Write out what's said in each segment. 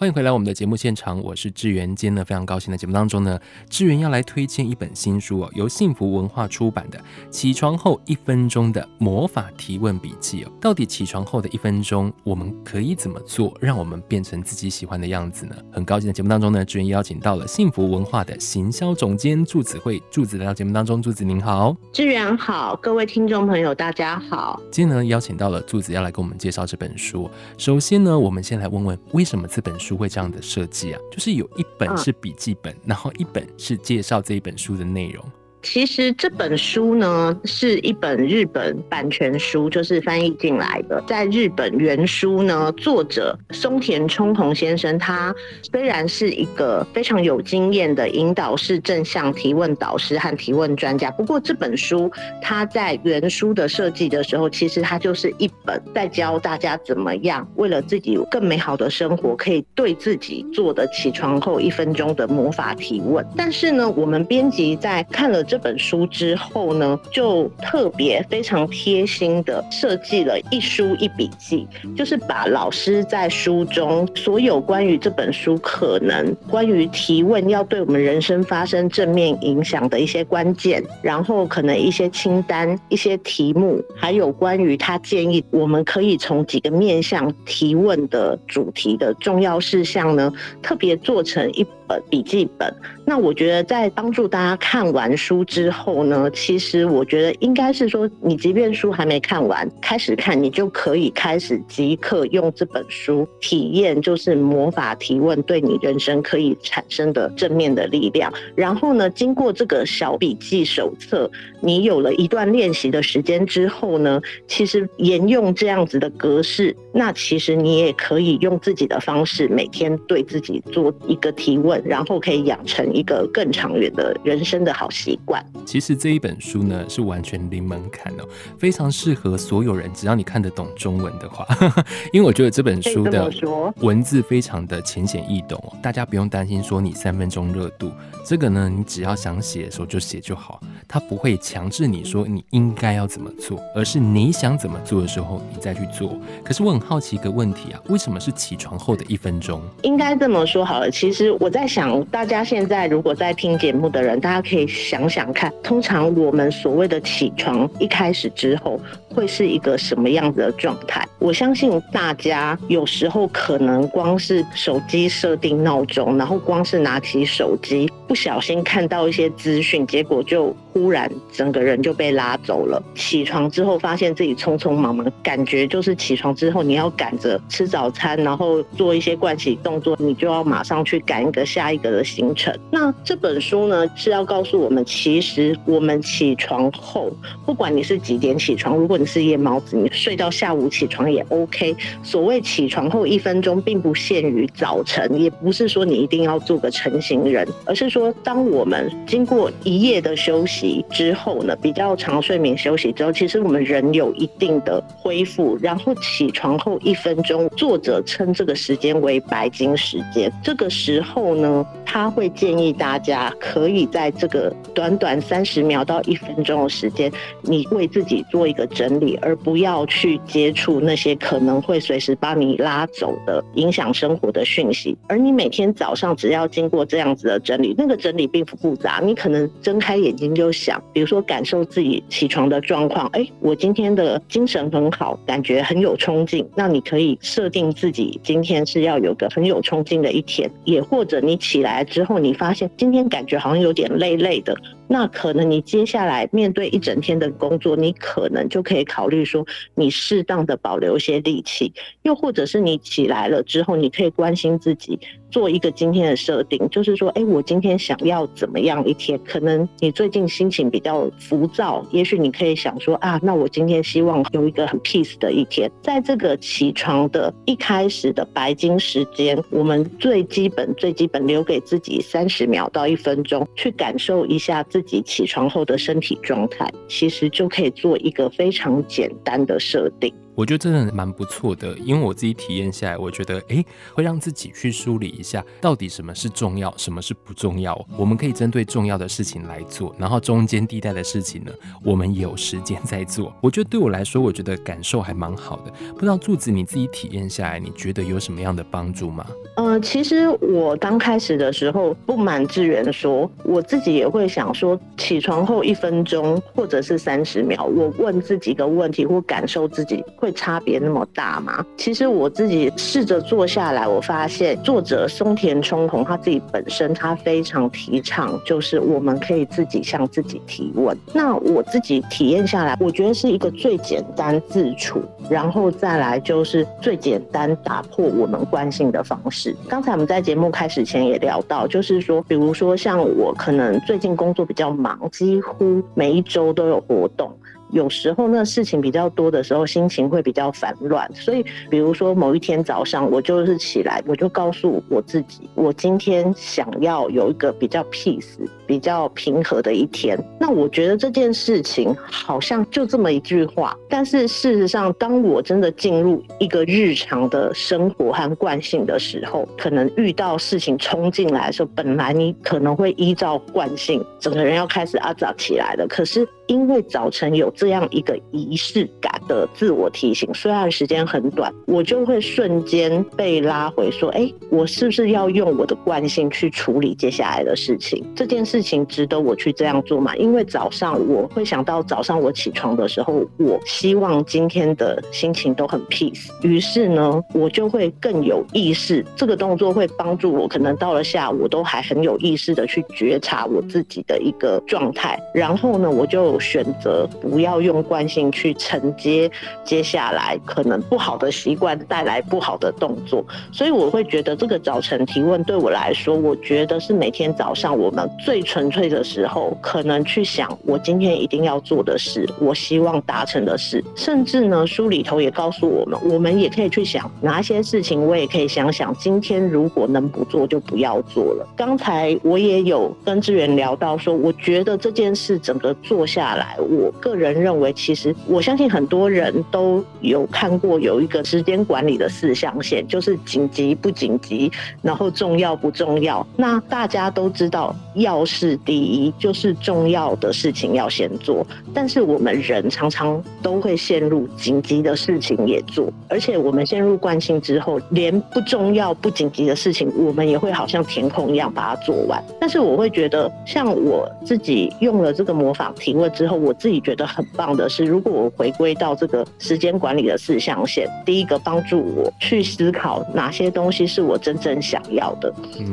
歡迎回來我們的節目現場，我是志源。今天呢非常高興在節目當中呢，志源要來推薦一本新書哦，由幸福文化出版的《起床後一分鐘的魔法提問筆記》哦。到底起床後的一分鐘，我們可以怎麼做，讓我們變成自己喜歡的樣子呢？很高興在節目當中呢，志源邀請到了幸福文化的行銷總監祝子慧，祝子來到節目當中，祝子您好。志源好，各位聽眾朋友大家好。今天呢邀請到了祝子要來給我們介紹這本書。首先呢，我們先來問問為什麼這本書。書會這樣的設計啊，就是有一本是筆記本，然後一本是介紹這一本書的內容。其實這本書呢是一本日本版權書，就是翻譯進來的。在日本原書呢，作者松田沖弘先生，他雖然是一個非常有經驗的引導式正向提問導師和提問專家，不過這本書他在原書的設計的時候，其實他就是一本在教大家怎麼樣為了自己有更美好的生活，可以對自己做的起床後一分鐘的魔法提問。但是呢，我們編輯在看了。這本書之後呢，就特別非常貼心的設計了一書一筆記，就是把老師在書中所有關於這本書可能關於提問要對我們人生發生正面影響的一些關鍵，然後可能一些清單、一些題目，還有關於他建議我們可以從幾個面向提問的主題的重要事項呢，特別做成一。呃，筆記本。那我覺得，在幫助大家看完書之後呢，其實我覺得應該是說，你即便書還沒看完，開始看，你就可以開始即刻用這本書體驗，就是魔法提問對你人生可以產生的正面的力量。然後呢，經過這個小筆記手冊，你有了一段練習的時間之後呢，其實沿用這樣子的格式。那其實你也可以用自己的方式，每天對自己做一個提問，然後可以養成一個更長遠的人生的好習慣。其實這一本書呢是完全零門檻哦、喔，非常適合所有人，只要你看得懂中文的話， 因為我覺得這本書的文字非常的淺顯易懂，大家不用擔心說你三分鐘熱度。這個呢，你只要想寫的時候就寫就好，他不會強制你說你應該要怎麼做，而是你想怎麼做的時候你再去做。可是我很好奇一個問題啊，為什麼是起床後的一分鐘？應該這麼說好了，其實我在想，大家現在如果在聽節目的人，大家可以想想看，通常我們所謂的起床一開始之後，會是一個什麼樣子的狀態？我相信大家有時候可能光是手機設定鬧鐘，然後光是拿起手機，不小心看到一些資訊，結果就忽然整個人就被拉走了。起床之後，發現自己匆匆忙忙，感覺就是起床之後你要趕着吃早餐，然後做一些盥洗動作，你就要馬上去趕一個下一個的行程。那這本書呢，是要告訴我們，其實我們起床後，不管你是幾點起床，如果不是夜貓子，你睡到下午起床也 OK。所謂起床後一分鐘，並不限於早晨，也不是說你一定要做個晨型人，而是說，當我們經過一夜的休息之後呢，比較長睡眠休息之後，其實我們人有一定的恢復。然後起床後一分鐘，作者稱這個時間為“白金時間”。這個時候呢，他會建議大家可以在這個短短三十秒到一分鐘的時間，你為自己做一個整。整理，而不要去接觸那些可能會隨時把你拉走的、影響生活的訊息。而你每天早上只要經過這樣子的整理，那個整理並不複雜。你可能睜開眼睛就想，比如說感受自己起床的狀況。哎，我今天的精神很好，感覺很有衝勁。那你可以設定自己今天是要有個很有衝勁的一天。也或者你起來之後，你發現今天感覺好像有點累累的。那可能你接下來面對一整天的工作，你可能就可以考慮說，你適當的保留些力氣，又或者是你起來了之後，你可以關心自己。做一個今天的設定，就是說，誒，我今天想要怎麼樣一天？可能你最近心情比較浮躁，也許你可以想說啊，那我今天希望有一個很 peace 的一天。在這個起床的一開始的白金時間，我們最基本、最基本留給自己三十秒到一分鐘，去感受一下自己起床後的身體狀態，其實就可以做一個非常簡單的設定。我覺得真的蠻不錯的，因為我自己體驗下來，我覺得哎，會讓自己去梳理一下，到底什麼是重要，什麼是不重要。我們可以針對重要的事情來做，然後中間地帶的事情呢，我們有時間再做。我覺得對我來說，我覺得感受還蠻好的。不知道祝子你自己體驗下來，你覺得有什麼樣的幫助嗎？呃，其實我剛開始的時候不瞞志遠，說，我自己也會想說，起床後一分鐘或者是三十秒，我問自己個問題或感受自己會，差別那麼大嗎？其實我自己試着做下來，我發現作者松田充弘他自己本身，他非常提倡，就是我們可以自己向自己提問。那我自己體驗下來，我覺得是一個最簡單自處，然後再來就是最簡單打破我們慣性的方式。剛才我們在節目開始前也聊到，就是說，比如說像我可能最近工作比較忙，幾乎每一周都有活動。有時候呢，事情比較多的時候，心情會比較煩亂。所以，比如說某一天早上，我就是起來，我就告訴我自己，我今天想要有一個比較 peace、比較平和的一天。那我覺得這件事情好像就這麼一句話，但是事實上，當我真的進入一個日常的生活和慣性的時候，可能遇到事情衝進來的時候，本來你可能會依照慣性，整個人要開始啊，扎起來的，可是，因為早晨有這樣一個儀式感的自我提醒，雖然時間很短，我就會瞬間被拉回，說，哎，我是不是要用我的慣性去處理接下來的事情？這件事情值得我去這樣做嗎？因為早上我會想到早上我起床的時候，我希望今天的心情都很 peace。於是呢，我就會更有意識，這個動作會幫助我，可能到了下午都還很有意識的去覺察我自己的一個狀態。然後呢，我就。選擇不要用慣性去承接接下來可能不好的習慣帶來不好的動作，所以我會覺得這個早晨提問對我來說，我覺得是每天早上我們最純粹的時候，可能去想我今天一定要做的事，我希望達成的事，甚至呢書裡頭也告訴我們，我們也可以去想哪些事情，我也可以想想今天如果能不做就不要做了。剛才我也有跟志源聊到說，我覺得這件事整個做下。下來，我個人認為，其實我相信很多人都有看過，有一個時間管理的四象限，就是緊急不緊急，然後重要不重要。那大家都知道，要事第一，就是重要的事情要先做。但是我們人常常都會陷入緊急的事情也做，而且我們陷入慣性之後，連不重要不緊急的事情，我們也會好像填空一樣把它做完。但是我會覺得，像我自己用了這個魔法提問。之後我自己覺得很棒的是，如果我回歸到這個時間管理的四象限，第一個幫助我去思考哪些東西是我真正想要的，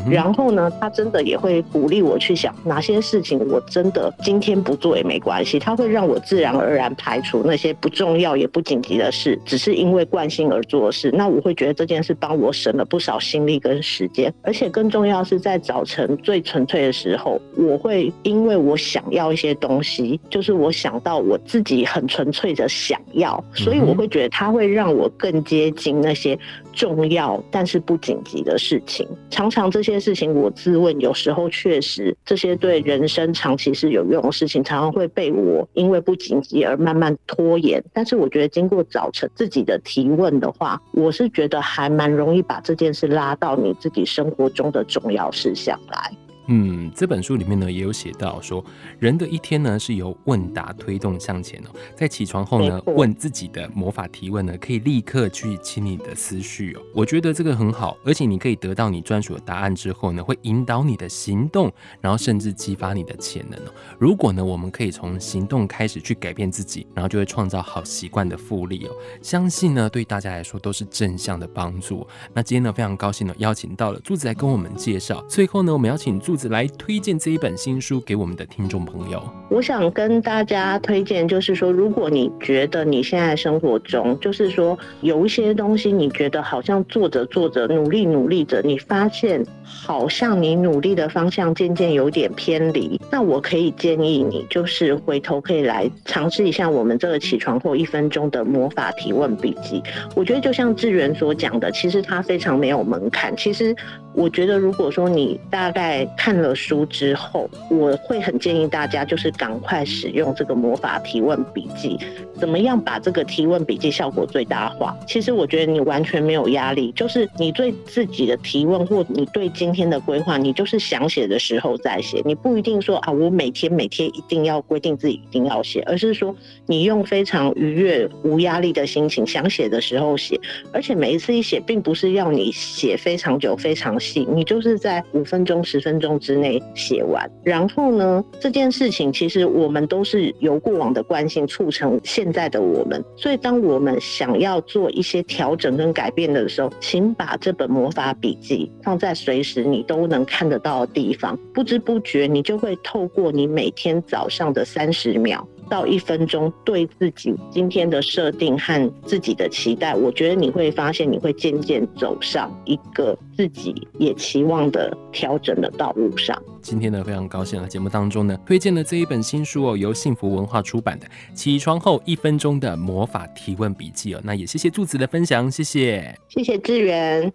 然後呢，他真的也會鼓勵我去想哪些事情，我真的今天不做也沒關係。他會讓我自然而然排除那些不重要也不緊急的事，只是因為慣性而做的事。那我會覺得這件事幫我省了不少心力跟時間，而且更重要的是在早晨最純粹的時候，我會因為我想要一些東西。就是我想到我自己很純粹的想要，所以我會覺得它會讓我更接近那些重要但是不緊急的事情。常常這些事情我自問，有時候確實這些對人生長期是有用的事情，常常會被我因為不緊急而慢慢拖延。但是我覺得經過早晨自己的提問的話，我是覺得還蠻容易把這件事拉到你自己生活中的重要事項來。嗯，這本書裡面呢也有寫到說，人的一天呢是由問答推動向前哦。在起床後呢，問自己的魔法提問呢，可以立刻去清理你的思緒哦。我覺得這個很好，而且你可以得到你專屬的答案之後呢，會引導你的行動，然後甚至激發你的潛能哦。如果呢，我們可以從行動開始去改變自己，然後就會創造好習慣的複利哦。相信呢，對大家來說都是正向的幫助，哦。那今天呢，非常高興呢，哦，邀請到了祝子來跟我們介紹。最後呢，我們邀請祝。來推薦這一本新書給我們的聽眾朋友。我想跟大家推薦，就是說，如果你覺得你現在生活中，就是說有一些東西，你覺得好像做着做着，努力努力着，你發現好像你努力的方向漸漸有點偏離，那我可以建議你，就是回頭可以來嘗試一下我們這個起床後一分鐘的魔法提問筆記。我覺得就像志源所講的，其實它非常沒有門檻。其實我覺得，如果說你大概。看了書之後，我會很建議大家，就是趕快使用這個魔法提問筆記，怎麼樣把這個提問筆記效果最大化？其實我覺得你完全沒有壓力，就是你對自己的提問或你對今天的規劃，你就是想寫的時候再寫，你不一定說啊，我每天每天一定要規定自己一定要寫，而是說你用非常愉悅、無壓力的心情想寫的時候寫，而且每一次一寫，並不是要你寫非常久、非常細，你就是在五分鐘、十分鐘，之內寫完，然後呢，這件事情其實我們都是由過往的慣性促成現在的我們，所以當我們想要做一些調整跟改變的時候，請把這本魔法筆記放在隨時你都能看得到的地方，不知不覺你就會透過你每天早上的三十秒到一分鐘，對自己今天的設定和自己的期待，我覺得你會發現，你會漸漸走上一個自己也期望的調整的道路上。今天呢，非常高興啊。節目當中呢，推薦了這一本新書哦，由幸福文化出版的《起床後一分鐘的魔法提問筆記》哦。那也謝謝祝子的分享，謝謝，謝謝志源。